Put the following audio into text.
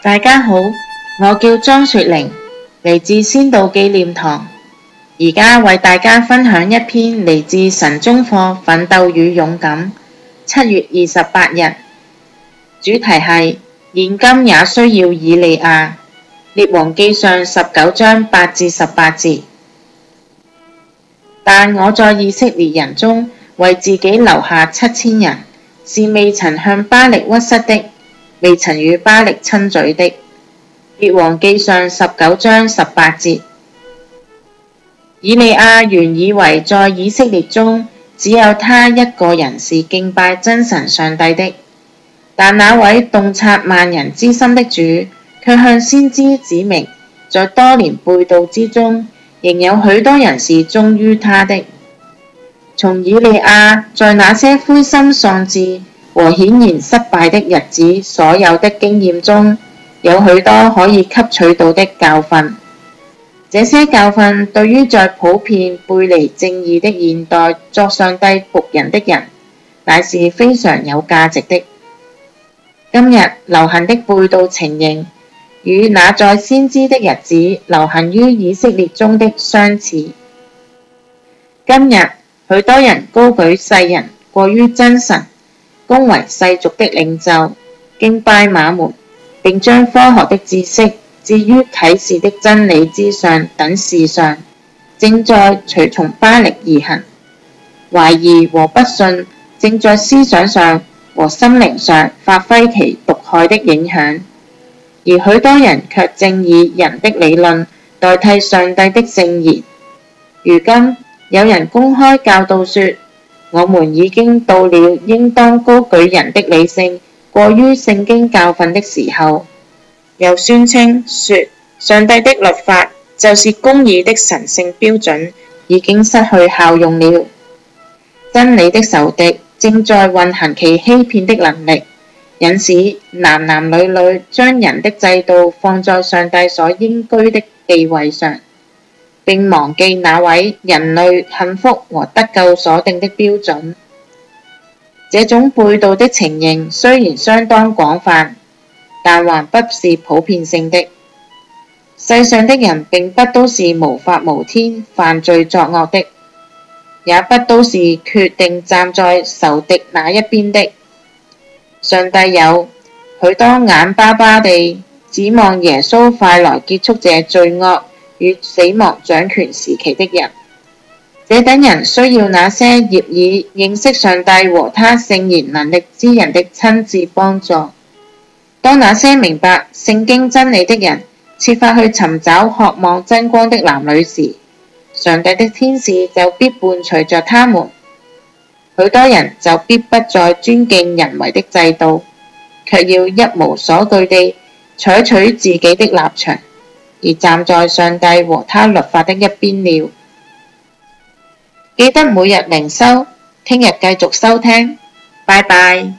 大家好，我叫莊雪玲，嚟自仙道紀念堂，而家為大家分享一篇嚟自神中課《奮鬥與勇敢》，七月二十八日，主題係現今也需要以利亞，《列王記上》十九章八至十八節，但我在以色列人中為自己留下七千人，是未曾向巴力屈膝的。未曾與巴力親嘴的。列王記上十九章十八節。以利亞原以為在以色列中只有他一個人是敬拜真神上帝的，但那位洞察萬人之心的主，卻向先知指明，在多年背道之中，仍有許多人是忠於他的。從以利亞在那些灰心喪志，和顯然失敗的日子，所有的經驗中有許多可以吸取到的教訓。這些教訓對於在普遍背離正義的現代作上帝僕人的人，乃是非常有價值的。今日流行的背道情形，與那在先知的日子流行於以色列中的相似。今日許多人高舉世人，過於真神。恭維世俗的領袖，敬拜瑪門並將科學的知識置於啟示的真理之上等事上，正在隨從巴力而行。懷疑和不信正在思想上和心靈上發揮其毒害的影響，而許多人卻正以人的理論代替上帝的聖言。如今有人公開教導說，我們已經到了應當高舉人的理性，過於聖經教訓的時候，又宣稱說上帝的律法就是公義的神聖標準已經失去效用了。真理的仇敵正在運行其欺騙的能力，引使男男女女將人的制度放在上帝所應居的地位上。並忘記那位人類幸福和得救所定的標準。這種背道的情形雖然相當廣泛，但還不是普遍性的。世上的人並不都是無法無天、犯罪作惡的，也不都是決定站在仇敵那一邊的。上帝有許多眼巴巴地指望耶穌快來結束這罪惡，與死亡掌權時期的人，這等人需要那些業已認識上帝和他聖言能力之人的親自幫助。當那些明白聖經真理的人設法去尋找渴望真光的男女時，上帝的天使就必伴隨着他們，許多人就必不再尊敬人為的制度，卻要一無所懼地採取取自己的立場。而站在上帝和他律法的一邊了。記得每日靈修，聽日繼續收聽。拜拜。